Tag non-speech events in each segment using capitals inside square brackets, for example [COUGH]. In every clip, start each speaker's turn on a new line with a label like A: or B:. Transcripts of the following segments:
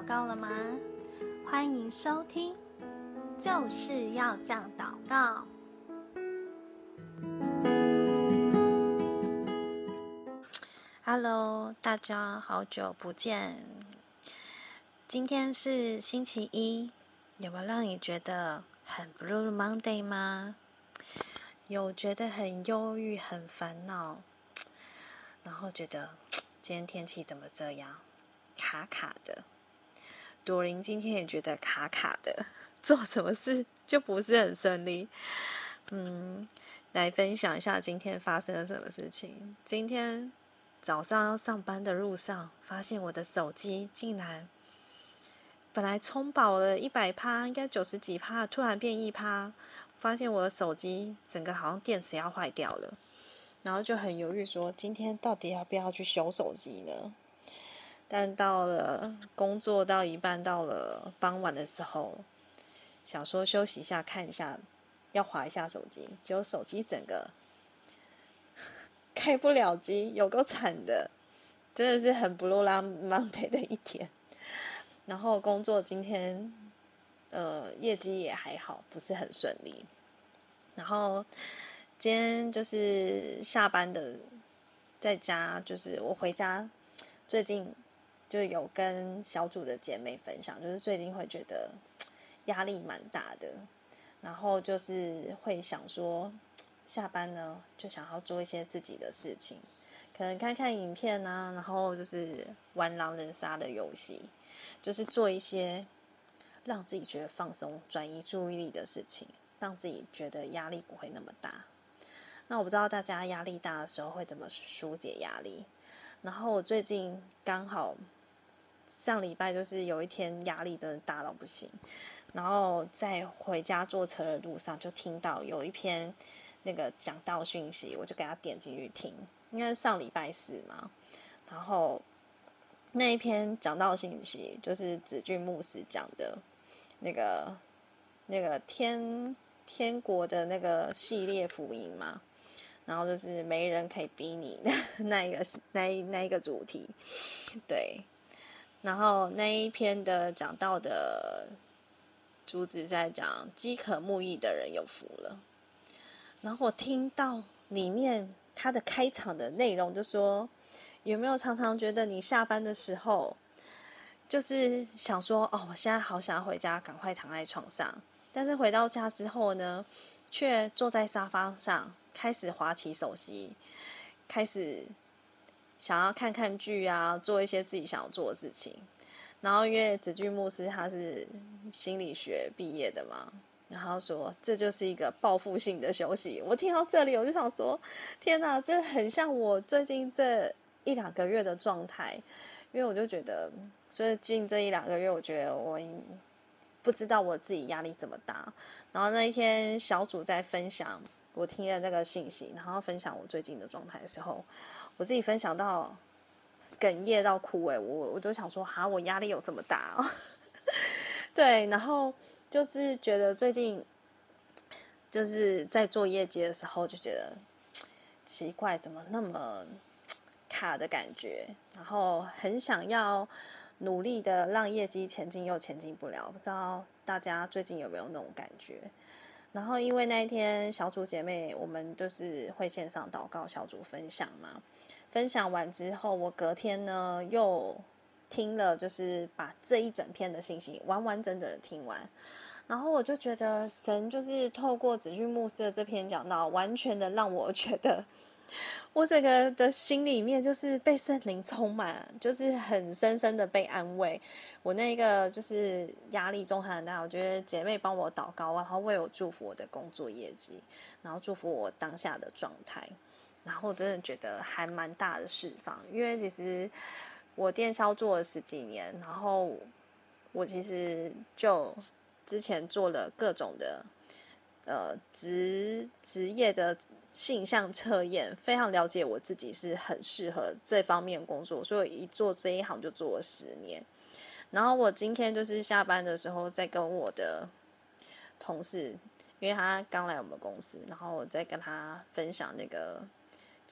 A: 禱告了嗎？歡迎收聽，就是要這樣禱告。Hello，大家好久不見。今天是星期一，有沒有讓你覺得很 Blue Monday 嗎？有覺得很憂鬱、很煩惱，然後覺得今天天氣怎麼這樣卡卡的？朵琳今天也覺得卡卡的，做什麼事就不是很順利。嗯，來分享一下今天發生了什麼事情。今天早上要上班的路上，發現我的手機竟然本來充飽了一百趴，應該九十幾趴，突然變一趴，發現我的手機整個好像電池要壞掉了，然後就很猶豫說，今天到底要不要去修手機呢？但到了工作到一半，到了傍晚的時候，想說休息一下，看一下，要滑一下手機，結果手機整個開不了機，有夠慘的，真的是很 Blue Monday 的一天。然後工作今天，呃，業績也還好，不是很順利。然後今天就是下班的，在家就是我回家，最近。就有跟小組的姐妹分享，就是最近會覺得壓力蠻大的，然後就是會想說下班呢，就想要做一些自己的事情，可能看看影片啊，然後就是玩狼人殺的遊戲，就是做一些讓自己覺得放鬆、轉移注意力的事情，讓自己覺得壓力不會那麼大。那我不知道大家壓力大的時候會怎麼疏解壓力？然後我最近剛好。上禮拜就是有一天壓力真的大到不行，然後在回家坐車的路上就聽到有一篇那個講道訊息，我就給他點進去聽。應該是上禮拜四嘛，然後那一篇講道訊息就是子俊牧師講的，那個，那個那個天天國的那個系列福音嘛，然後就是沒人可以逼你那一個那那一個主題，對。然後那一篇的講到的，主旨在講飢渴慕義的人有福了。然後我聽到裡面他的開場的內容，就說：有沒有常常覺得你下班的時候，就是想說哦，我現在好想要回家，趕快躺在床上。但是回到家之後呢，卻坐在沙發上開始滑起手機，開始。想要看看劇啊，做一些自己想要做的事情。然後因為子俊牧師他是心理學畢業的嘛，然後說這就是一個報復性的休息。我聽到這裡，我就想說：天哪，這很像我最近這一兩個月的狀態。因為我就覺得，最近這一兩個月，我覺得我不知道我自己壓力這麼大。然後那一天小組在分享我聽的那個信息，然後分享我最近的狀態的時候。我自己分享到哽咽到哭，誒，我我就想說，哈、啊，我壓力有這麼大，哦， [LAUGHS] 對，然後就是覺得最近就是在做業績的時候就覺得奇怪，怎麼那麼卡的感覺？然後很想要努力的讓業績前進，又前進不了。不知道大家最近有沒有那種感覺？然後因為那一天小組姐妹，我們就是會線上禱告小組分享嘛。分享完之後，我隔天呢又聽了，就是把這一整篇的信息完完整整的聽完，然後我就覺得神就是透過子俊牧師的這篇講道，完全的讓我覺得我整個的心裡面就是被聖靈充滿，就是很深深的被安慰。我那個就是壓力中很大，我覺得姐妹幫我禱告，然後為我祝福我的工作業績，然後祝福我當下的狀態。然後真的覺得還蠻大的釋放，因為其實我電銷做了十幾年，然後我其實就之前做了各種的呃職職業的性向測驗，非常了解我自己是很適合這方面工作，所以我一做這一行就做了十年。然後我今天就是下班的時候在跟我的同事，因為他剛來我們公司，然後我在跟他分享那個。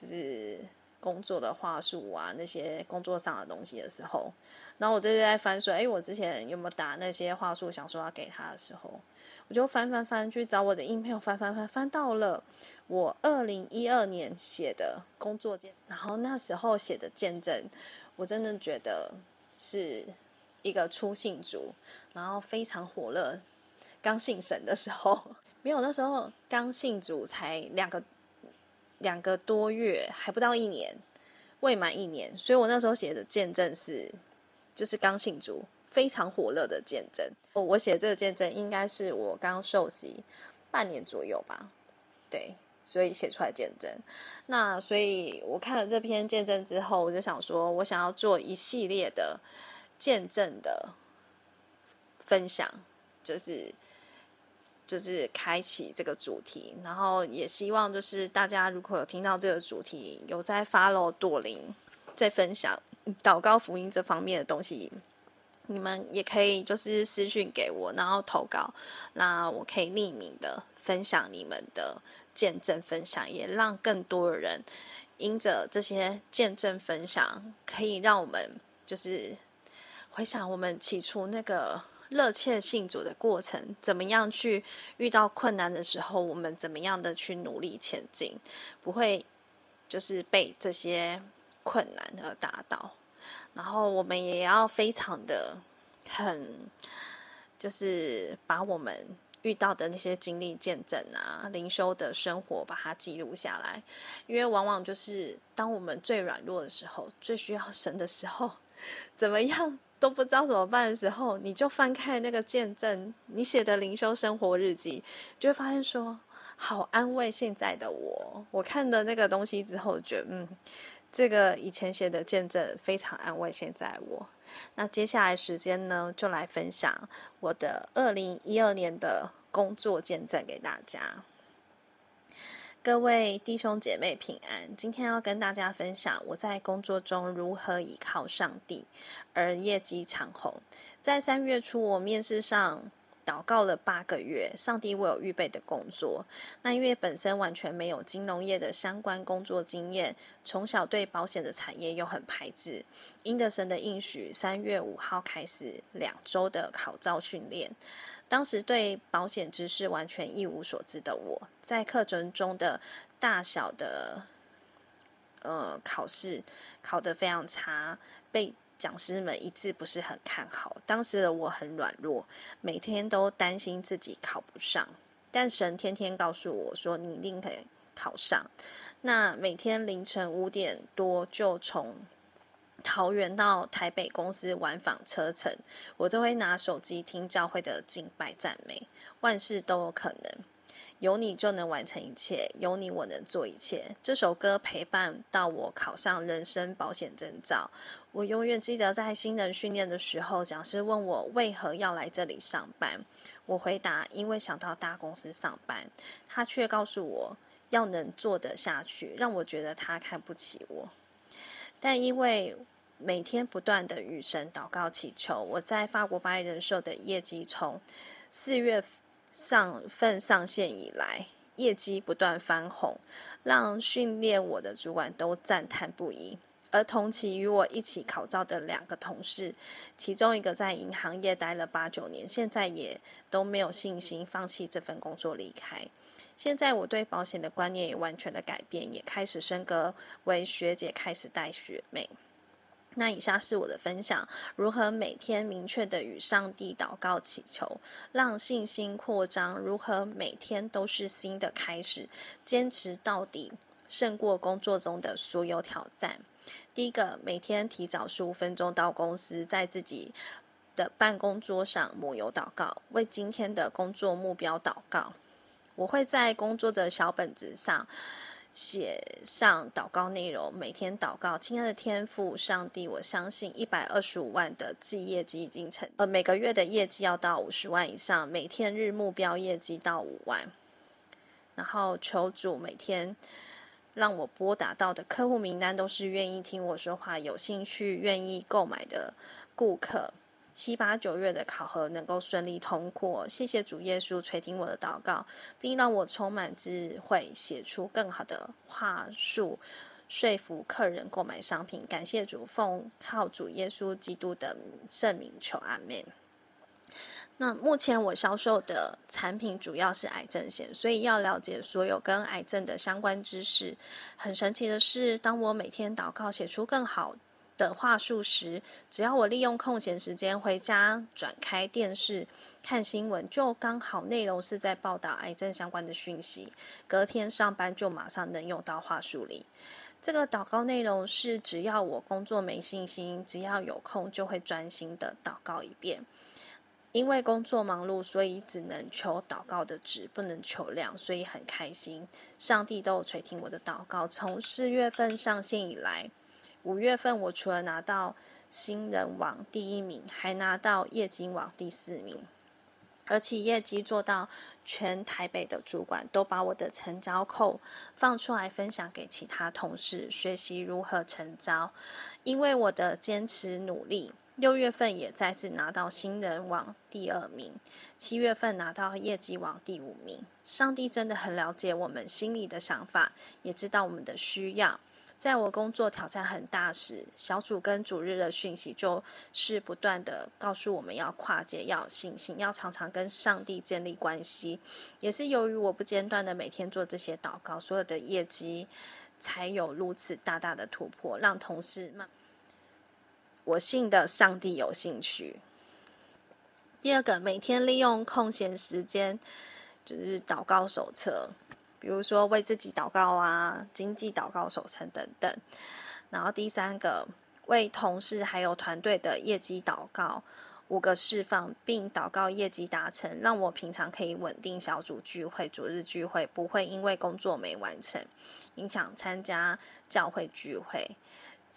A: 就是工作的話術啊，那些工作上的東西的時候，然後我就是在翻說，誒，我之前有沒有打那些話術，想說要給他的時候，我就翻翻翻去找我的音頻，翻翻翻翻到了我二零一二年寫的工作見，然後那時候寫的見證，我真的覺得是一個初信主，然後非常火熱，剛信神的時候，沒有那時候剛信主才兩個。兩個多月，還不到一年，未滿一年，所以我那時候寫的見證是，就是剛信主，非常火熱的見證。我寫的這個見證，應該是我剛受洗半年左右吧，對，所以寫出來見證。那所以我看了這篇見證之後，我就想說，我想要做一系列的見證的分享，就是。就是開啟這個主題，然後也希望就是大家如果有聽到這個主題，有在 follow 朵琳，在分享禱告福音這方面的東西，你們也可以就是私訊給我，然後投稿，那我可以匿名的分享你們的見證分享，也讓更多的人因着這些見證分享，可以讓我們就是回想我們起初那個。熱切信主的過程。怎麼樣去遇到困難的時候，我們怎麼樣的去努力前進，不會就是被這些困難而打倒。然後我們也要非常的很，就是把我們遇到的那些經歷、見證啊，靈修的生活，把它記錄下來。因為往往就是當我們最軟弱的時候，最需要神的時候，怎麼樣？都不知道怎麼辦的時候，你就翻開那個見證你寫的靈修生活日記，就會發現說好安慰現在的我。我看了那個東西之後，覺得嗯，這個以前寫的見證非常安慰現在我。那接下來時間呢，就來分享我的二零一二年的工作見證給大家。各位弟兄姐妹平安，今天要跟大家分享我在工作中如何依靠上帝而業績長紅。在三月初我面試上。禱告了八個月，上帝為我預備的工作。那因為本身完全沒有金融業的相關工作經驗，從小對保險的產業又很排斥。因得神的應許，三月五號開始兩周的考照訓練。當時對保險知識完全一無所知的我，在課程中的大小的呃考試考得非常差，被。講師們一致不是很看好，當時的我很軟弱，每天都擔心自己考不上。但神天天告訴我說，你一定可以考上。那每天凌晨五點多就從桃園到台北公司往返車程，我都會拿手機聽教會的敬拜讚美，萬事都有可能。有你就能完成一切，有你我能做一切。這首歌陪伴到我考上人身保險證照，我永遠記得在新人訓練的時候，講師問我為何要來這裡上班，我回答因為想到大公司上班，他卻告訴我要能做得下去，讓我覺得他看不起我。但因為每天不斷的與神禱告祈求，我在法國巴黎人壽的業績從四月。上份上線以來，業績不斷翻紅，讓訓練我的主管都讚嘆不已。而同期與我一起考照的兩個同事，其中一個在銀行業待了八九年，現在也都沒有信心，放棄這份工作離開。現在我對保險的觀念也完全的改變，也開始升格為學姐，開始帶學妹。那以下是我的分享：如何每天明確的與上帝禱告祈求，讓信心擴張；如何每天都是新的開始，堅持到底，勝過工作中的所有挑戰。第一個，每天提早十五分鐘到公司，在自己的辦公桌上抹油禱告，為今天的工作目標禱告。我會在工作的小本子上。寫上禱告內容，每天禱告。親愛的天父，上帝，我相信一百二十五萬的績業績已經成，呃，每個月的業績要到五十萬以上，每天日目標業績到五萬。然後求主每天讓我撥打到的客戶名單都是願意聽我說話、有興趣、願意購買的顧客。七八九月的考核，能夠順利通過，謝謝主耶穌垂聽我的禱告，並讓我充滿智慧，寫出更好的話術，說服客人購買商品。感謝主，奉靠主耶穌基督的聖名求阿們。那目前我銷售的產品主要是癌症險，所以要了解所有跟癌症的相關知識。很神奇的是，當我每天禱告，寫出更好。等話術時，只要我利用空閒時間回家轉開電視看新聞，就剛好內容是在報道癌症相關的訊息。隔天上班就馬上能用到話術裡。這個禱告內容是：只要我工作沒信心，只要有空就會專心的禱告一遍。因為工作忙碌，所以只能求禱告的質，不能求量，所以很開心，上帝都有垂聽我的禱告，從四月份上線以來，五月份，我除了拿到新人王第一名，還拿到業績王第四名，而且業績做到全台北的主管都把我的成交扣放出來分享給其他同事學習如何成交。因為我的堅持努力，六月份也再次拿到新人王第二名，七月份拿到業績王第五名。上帝真的很了解我們心裡的想法，也知道我們的需要。在我工作挑戰很大時，小組跟主日的訊息就是不斷的告訴我們要跨界、要有信心、要常常跟上帝建立關係。也是由於我不間斷的每天做這些禱告，所有的業績才有如此大大的突破，讓同事們我信的上帝有興趣。第二個，每天利用空閒時間就是禱告手冊。比如說為自己禱告啊，經濟禱告守成等等，然後第三個為同事還有團隊的業績禱告，五個釋放並禱告業績達成，讓我平常可以穩定小組聚會、主日聚會，不會因為工作沒完成影響參加教會聚會。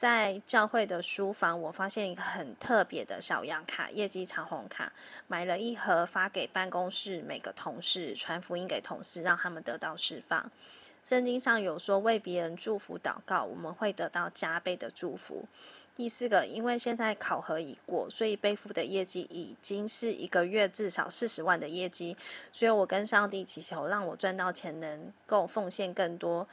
A: 在教會的書房，我發現一個很特別的小羊卡，業績長虹卡，買了一盒發給辦公室每個同事，傳福音給同事，讓他們得到釋放。聖經上有說，為別人祝福禱告，我們會得到加倍的祝福。第四個，因為現在考核已過，所以背負的業績已經是一個月至少四十萬的業績，所以我跟上帝祈求讓我賺到錢，能夠奉獻更多。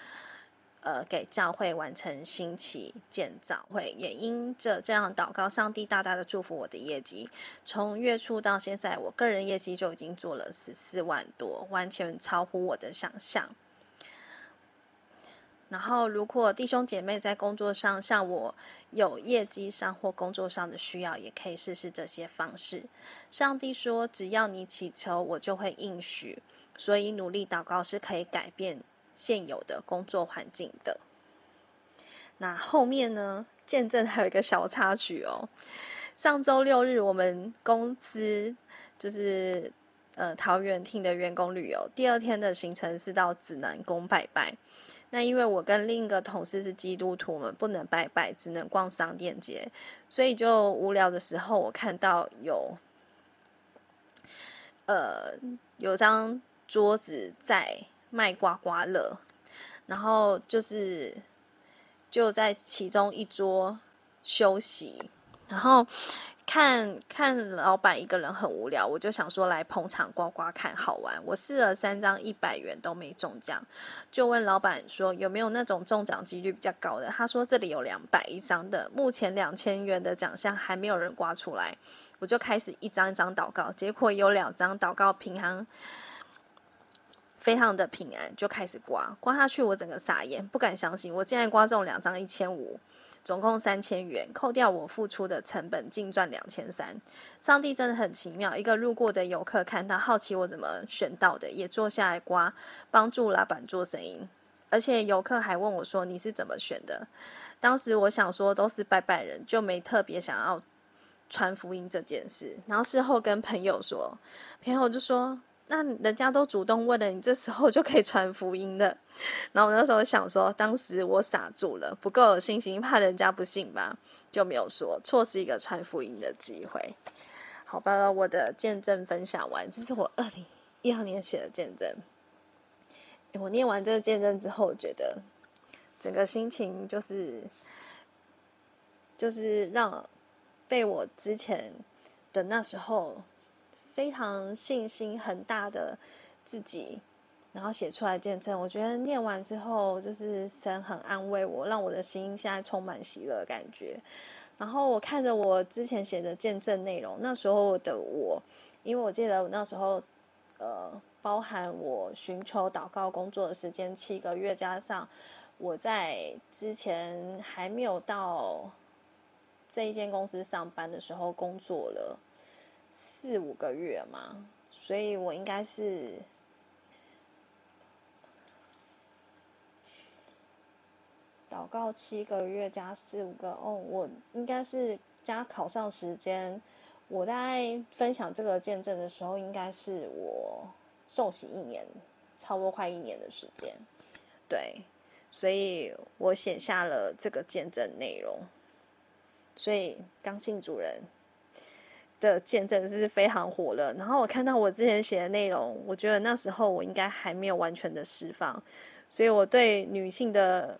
A: 呃，給教會完成新起建造會，也因着這樣禱告，上帝大大的祝福我的業績。從月初到現在，我個人業績就已經做了十四萬多，完全超乎我的想象。然後，如果弟兄姐妹在工作上像我有業績上或工作上的需要，也可以試試這些方式。上帝說，只要你祈求，我就會應許。所以，努力禱告是可以改變現有的工作環境的，那後面呢？見證還有一個小插曲哦。上週六日，我們公司就是呃桃園廠的員工旅遊，第二天的行程是到指南宮拜拜。那因為我跟另一個同事是基督徒，我們不能拜拜，只能逛商店街。所以就無聊的時候，我看到有呃有張桌子在。賣刮刮樂，然後就是就在其中一桌休息，然後看看老闆一個人很無聊，我就想說來捧場，刮刮看好玩。我試了三張一百元都沒中獎，就問老闆說有沒有那種中獎幾率比較高的？他說這裡有兩百一張的，目前兩千元的獎項還沒有人刮出來，我就開始一張一張禱告，結果有兩張禱告平衡，非常的平安，就開始刮，刮下去，我整個傻眼，不敢相信，我竟然刮中兩張一千五，總共三千元，扣掉我付出的成本，淨賺兩千三。上帝真的很奇妙，一個路過的遊客看到，好奇我怎麼選到的，也坐下來刮，幫助老板做生意，而且遊客還問我說：“你是怎麼選的？”當時我想說都是拜拜人，就沒特別想要傳福音這件事。然後事後跟朋友說，朋友就說。那人家都主動問了，你這時候就可以傳福音了。然後我那時候想說，當時我傻住了，不夠有信心，怕人家不信吧，就沒有說。錯失一個傳福音的機會，好吧。我的見證分享完，這是我二零一二年寫的見證。我念完這個見證之後，我覺得整個心情就是就是讓被我之前的那時候。非常信心很大的自己，然後寫出來見證。我覺得念完之後，就是神很安慰我，讓我的心現在充滿喜樂感覺。然後我看着我之前寫的見證內容，那時候的我，因為我記得我那時候，呃，包含我尋求禱告工作的時間七個月，加上我在之前還沒有到這一間公司上班的時候工作了。四五個月嘛，所以我應該是禱告七個月加四五個哦，我應該是加考上時間。我在分享這個見證的時候，應該是我受洗一年，差不多快一年的時間。對，所以我寫下了這個見證內容。所以剛信主人，的見證是非常火的，然後我看到我之前寫的內容，我覺得那時候我應該還沒有完全的釋放，所以我對女性的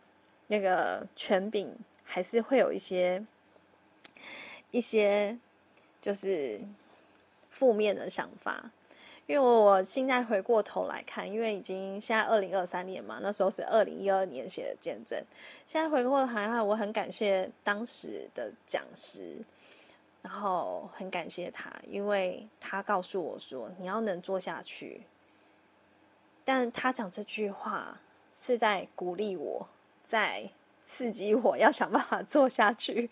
A: 那個權柄還是會有一些一些就是負面的想法，因為我我現在回過頭來看，因為已經現在二零二三年嘛，那時候是二零一二年寫的見證，現在回過頭來看，我很感謝當時的講師。然後很感謝他，因為他告訴我說，你要能做下去。但他講這句話是在鼓勵我，在刺激我要想辦法做下去，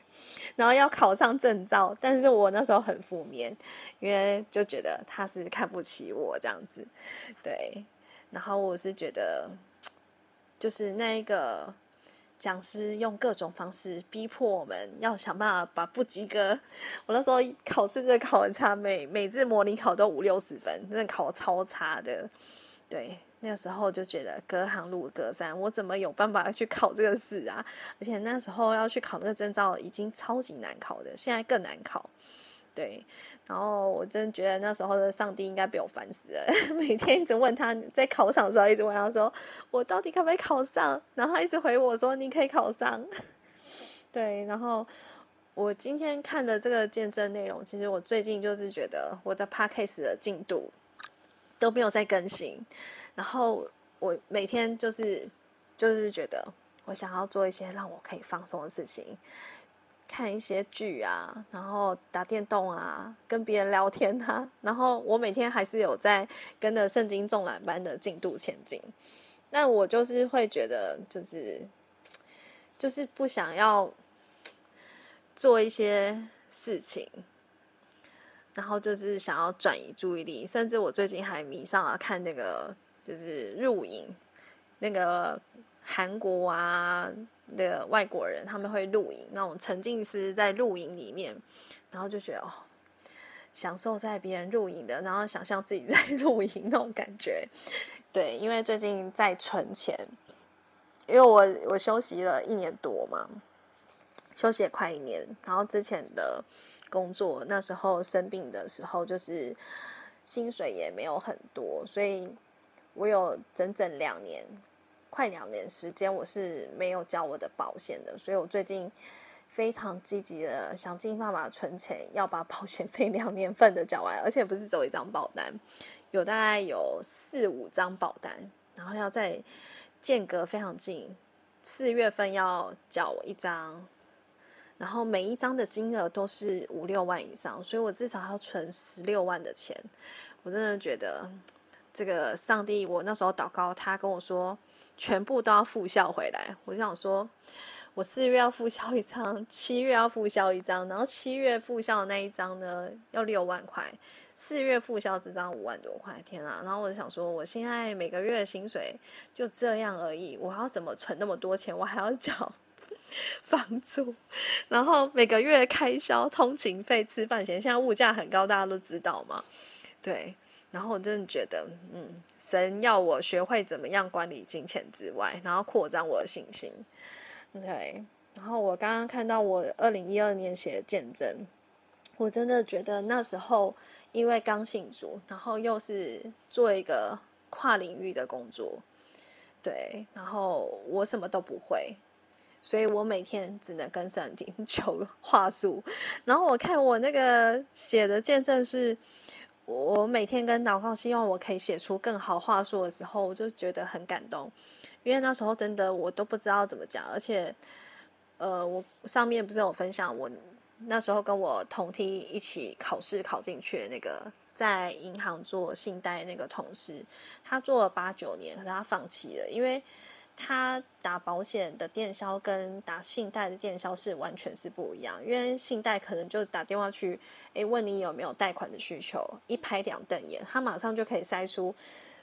A: 然後要考上證照。但是我那時候很負面，因為就覺得他是看不起我這樣子。對，然後我是覺得就是那一個。講師用各種方式逼迫我們，要想辦法把不及格。我那時候考試的考很差每，每每次模擬考都五六十分，真的考超差的。對，那個時候就覺得隔行如隔山，我怎麼有辦法去考這個試啊？而且那時候要去考那個證照，已經超級難考的，現在更難考。對，然後我真覺得那時候的上帝應該被我煩死了，每天一直問他，在考場的時候，一直問他說我到底可不可以考上，然後他一直回我說你可以考上。對，然後我今天看的這個見證內容，其實我最近就是覺得我的 podcast 的進度都沒有在更新，然後我每天就是就是覺得我想要做一些讓我可以放鬆的事情。看一些劇啊，然後打電動啊，跟別人聊天啊，然後我每天還是有在跟着聖經重覽班的進度前進。那我就是會覺得，就是就是不想要做一些事情，然後就是想要轉移注意力，甚至我最近還迷上了看那個，就是入影那個韓國啊。的外國人他們會露營，那種沉浸式在露營裡面，然後就覺得哦，享受在別人露營的，然後想象自己在露營那種感覺。對，因為最近在存錢，因為我我休息了一年多嘛，休息也快一年，然後之前的工作，那時候生病的時候就是薪水也沒有很多，所以我有整整兩年。快兩年時間，我是沒有交我的保險的，所以我最近非常積極的想盡辦法存錢，要把保險費兩年份的交完，而且不是走一張保單，有大概有四五張保單，然後要在間隔非常近，四月份要繳一張，然後每一張的金額都是五六萬以上，所以我至少要存十六萬的錢，我真的覺得這個上帝，我那時候禱告，他跟我說。全部都要復效回來，我就想說，我四月要復效一張，七月要復效一張，然後七月復效的那一張呢要六萬塊，四月復效這張五萬多塊，天啊！然後我就想說，我現在每個月的薪水就這樣而已，我要怎麼存那麼多錢？我還要繳房 [LAUGHS] 租，然後每個月開銷、通勤費、吃飯錢，現在物價很高，大家都知道嘛，對。然後我真的覺得，嗯。神要我學會怎麼樣管理金錢之外，然後擴張我的信心。對，然後我剛剛看到我二零一二年寫的見證，我真的覺得那時候因為剛信主，然後又是做一個跨領域的工作，對，然後我什麼都不會，所以我每天只能跟上帝求話術。然後我看我那個寫的見證是。我每天跟老高希望我可以寫出更好話術的時候，我就覺得很感動，因為那時候真的我都不知道怎麼講，而且，呃，我上面不是有分享我那時候跟我同梯一起考試考進去的那個在銀行做信貸那個同事，他做了八九年，可是他放棄了，因為。他打保險的電銷跟打信貸的電銷是完全是不一樣，因為信貸可能就打電話去，哎、欸，問你有沒有貸款的需求，一拍兩瞪眼，他馬上就可以篩出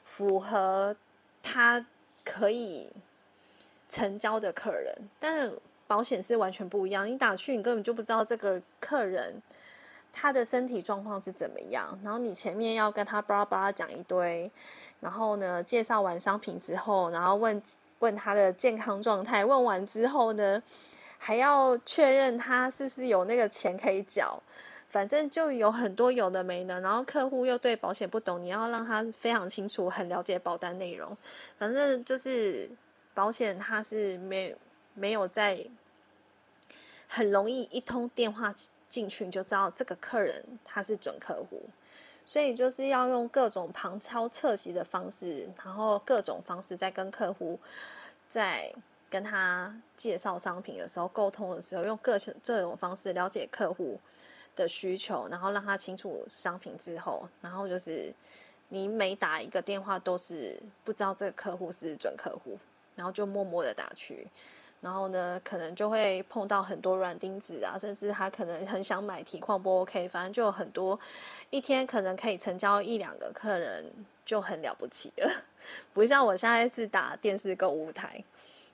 A: 符合他可以成交的客人。但保險是完全不一樣，你打去，你根本就不知道這個客人他的身體狀況是怎麼樣，然後你前面要跟他叭叭叭講一堆，然後呢，介紹完商品之後，然後問。問他的健康狀態，問完之後呢，還要確認他是不是有那個錢可以繳，反正就有很多有的沒的，然後客戶又對保險不懂，你要讓他非常清楚，很了解保單內容，反正就是保險他是沒沒有在很容易一通電話進去，你就知道這個客人他是準客戶。所以就是要用各種旁敲側擊的方式，然後各種方式在跟客戶，在跟他介紹商品的時候、溝通的時候，用各種這種方式了解客戶的需求，然後讓他清楚商品之後，然後就是你每打一個電話都是不知道這個客戶是準客戶，然後就默默的打去。然後呢，可能就會碰到很多軟釘子啊，甚至他可能很想買，提款不 OK，反正就有很多，一天可能可以成交一兩個客人就很了不起了， [LAUGHS] 不像我現在是打電視購物台，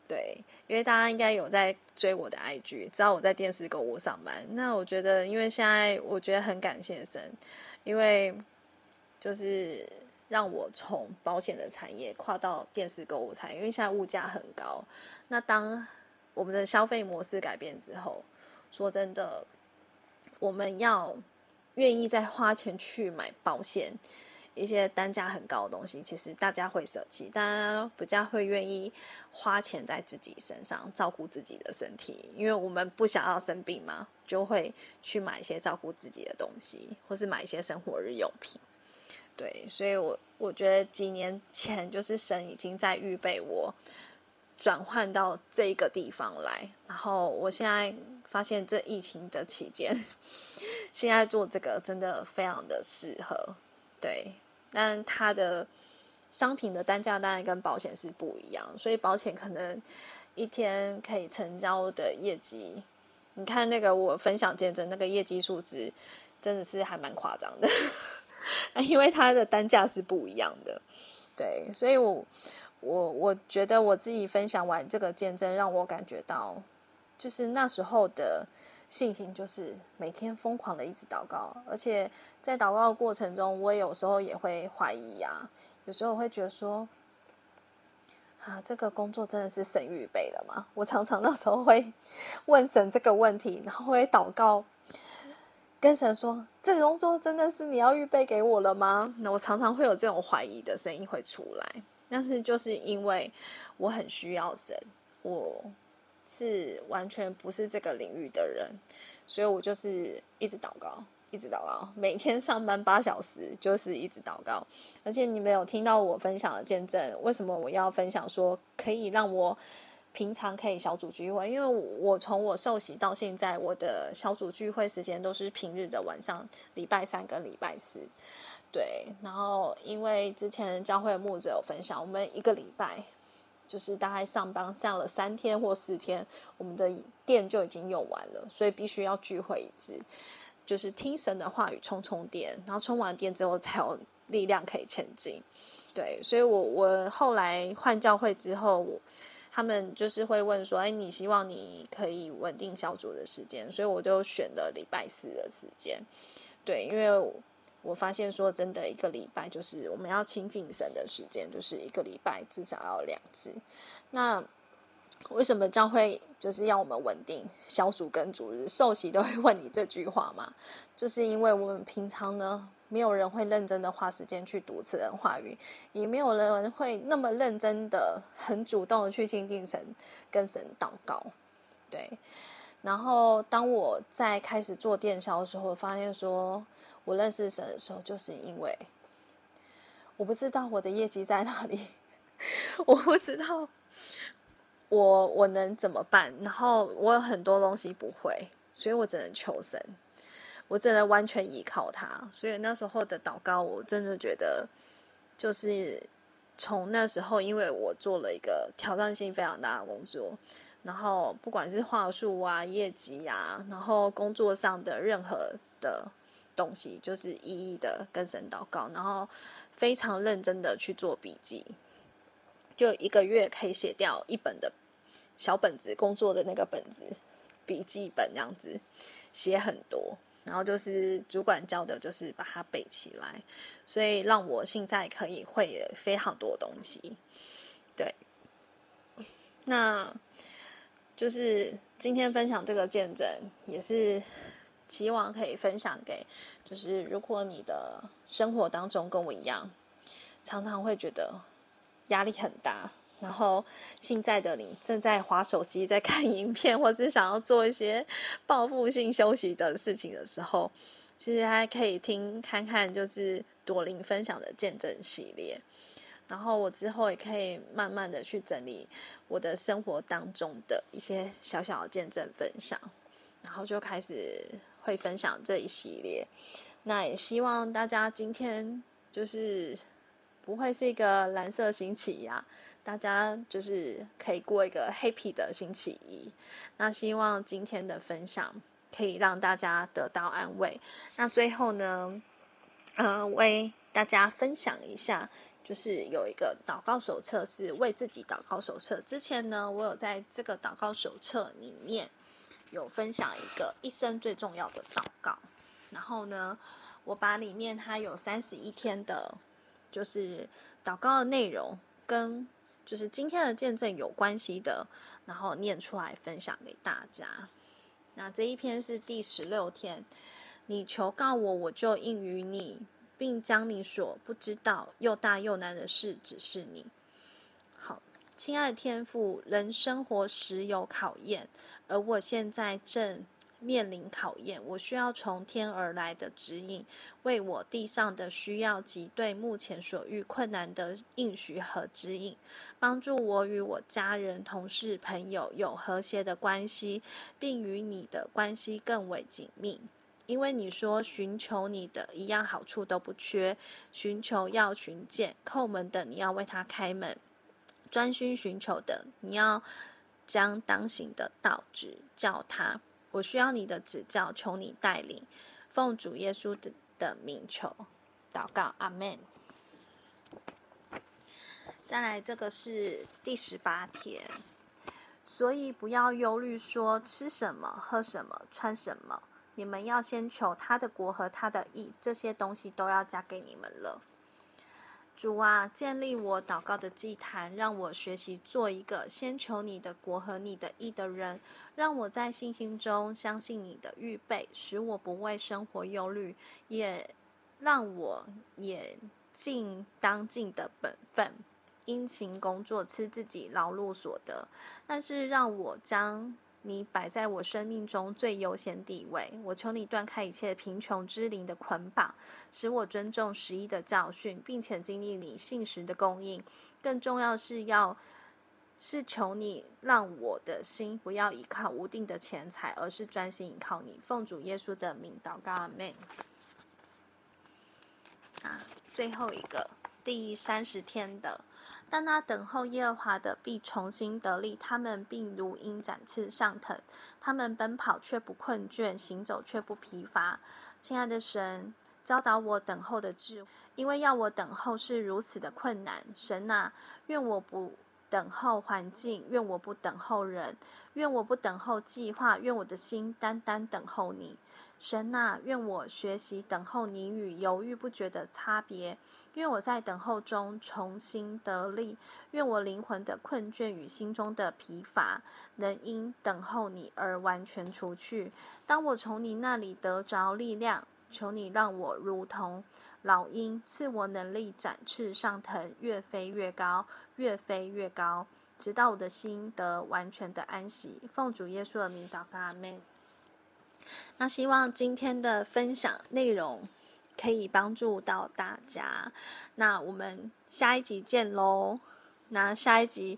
A: 對，因為大家應該有在追我的 IG，知道我在電視購物上班。那我覺得，因為現在我覺得很感謝神，因為就是。讓我從保險的產業跨到電視購物產業，因為現在物價很高。那當我們的消費模式改變之後，說真的，我們要願意再花錢去買保險，一些單價很高的東西，其實大家會捨棄，大家比較會願意花錢在自己身上，照顧自己的身體，因為我們不想要生病嘛，就會去買一些照顧自己的東西，或是買一些生活日用品。對，所以我，我我覺得幾年前就是神已經在預備我轉換到這一個地方來，然後我現在發現這疫情的期間，現在做這個真的非常的適合。對，但它的商品的單價當然跟保險是不一樣，所以保險可能一天可以成交的業績，你看那個我分享見證那個業績數值，真的是還蠻誇張的。因為它的單價是不一樣的，對，所以我，我我我覺得我自己分享完這個見證，讓我感覺到，就是那時候的信心，就是每天瘋狂的一直禱告，而且在禱告過程中，我有時候也會懷疑啊，有時候我會覺得說，啊，這個工作真的是神預備的嗎？我常常那時候會問神這個問題，然後會禱告。跟神說：“這個工作真的是你要預備給我了嗎？”那我常常會有這種懷疑的聲音會出來，但是就是因為我很需要神，我是完全不是這個領域的人，所以我就是一直禱告，一直禱告，每天上班八小時就是一直禱告，而且你們有聽到我分享的見證，為什麼我要分享說可以讓我？平常可以小組聚會，因為我，我從我受洗到現在，我的小組聚會時間都是平日的晚上，禮拜三跟禮拜四，對。然後因為之前教會的牧者有分享，我們一個禮拜就是大概上班上了三天或四天，我們的電就已經用完了，所以必須要聚會一次，就是聽神的話語充充電，然後充完電之後才有力量可以前進。對，所以我我後來換教會之後，他們就是會問說：“哎、欸，你希望你可以穩定小組的時間？”所以我就選了禮拜四的時間。對，因為我，我發現說，真的一個禮拜就是我們要親近神的時間，就是一個禮拜至少要兩次。那為什麼教會就是要我們穩定小組跟主日受洗都會問你這句話嗎？就是因為我們平常呢。沒有人會認真的花時間去讀神話語，也沒有人會那麼認真的、很主動的去親近神、跟神禱告，對。然後，當我在開始做電銷的時候，發現說我認識神的時候，就是因為我不知道我的業績在哪裡，我不知道我我能怎麼辦，然後我有很多東西不會，所以我只能求神。我真的完全依靠他，所以那時候的禱告，我真的覺得就是從那時候，因為我做了一個挑戰性非常大的工作，然後不管是話術啊、業績啊，然後工作上的任何的東西，就是一一的跟神禱告，然後非常認真的去做筆記，就一個月可以寫掉一本的小本子，工作的那個本子，筆記本這樣子寫很多。然後就是主管教的，就是把它背起來，所以讓我現在可以會非常多東西。對，那，就是今天分享這個見證，也是希望可以分享給，就是如果你的生活當中跟我一樣，常常會覺得壓力很大。然後，現在的你正在滑手機、在看影片，或者是想要做一些報復性休息的事情的時候，其實還可以聽看看，就是朵琳分享的見證系列。然後我之後也可以慢慢的去整理我的生活當中的一些小小的見證分享，然後就開始會分享這一系列。那也希望大家今天就是不會是一個藍色星期一呀。大家就是可以過一個 happy 的星期一。那希望今天的分享可以讓大家得到安慰。那最後呢，呃，為大家分享一下，就是有一個禱告手冊，是為自己禱告手冊。之前呢，我有在這個禱告手冊裡面有分享一個一生最重要的禱告。然後呢，我把裡面它有三十一天的，就是禱告的內容跟。就是今天的見證有關係的，然後唸出來分享給大家。那這一篇是第十六天，你求告我，我就應允你，並將你所不知道又大又難的事指示你。好，親愛的天父，人生活時有考驗，而我現在正面臨考驗，我需要從天而來的指引，為我地上的需要及對目前所遇困難的應許和指引，幫助我與我家人、同事、朋友有和諧的關係，並與你的關係更為緊密。因為你說尋求你的一樣好處都不缺，尋求要尋見叩門的，你要為他開門；專心尋求的，你要將當行的道指教他。我需要你的指教，求你帶領，奉主耶穌的的名求，禱告，阿門。再來，這個是第十八天，所以不要憂慮，說吃什麼，喝什麼，穿什麼，你們要先求他的國和他的義，這些東西都要加給你們了。主啊，建立我禱告的祭壇，讓我學習做一個先求你的國和你的義的人。讓我在信心中相信你的預備，使我不為生活憂慮，也讓我也盡當盡的本分，殷勤工作，吃自己勞碌所得。但是讓我將。你擺在我生命中最優先地位，我求你斷開一切貧窮之靈的捆綁，使我尊重十一的教訓，並且經歷你信實的供應。更重要是要是求你讓我的心不要依靠無定的錢財，而是專心依靠你。奉主耶穌的名禱告，阿門。啊，最後一個第三十天的。但那等候耶和華的必重新得力，他們必如鷹展翅上騰，他們奔跑卻不困倦，行走卻不疲乏。親愛的神，教導我等候的智慧，因為要我等候是如此的困難。神啊，願我不等候環境，願我不等候人，願我不等候計劃，願我的心單單等候你。神啊，願我學習等候你與猶豫不決的差別。願我在等候中重新得力，願我靈魂的困倦與心中的疲乏，能因等候你而完全除去。當我從你那裡得着力量，求你讓我如同老鷹，賜我能力展翅上騰，越飛越高，越飛越高，直到我的心得完全的安息。奉主耶穌的名禱告，阿門。那希望今天的分享內容，可以幫助到大家，那我們下一集見嘍。那下一集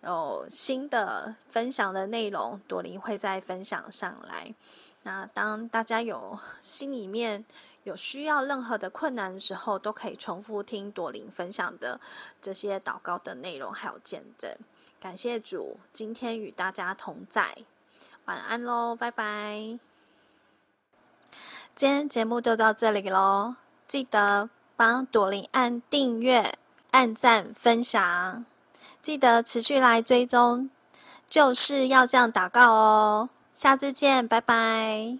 A: 有新的分享的內容，朵琳會再分享上來。那當大家有心裡面有需要任何的困難的時候，都可以重複聽朵琳分享的這些禱告的內容，還有見證。感謝主，今天與大家同在，晚安嘍，拜拜。今天節目就到這裡嘍，記得幫朵琳按訂閱、按贊、分享，記得持續來追蹤，就是要這樣禱告哦。下次見，拜拜。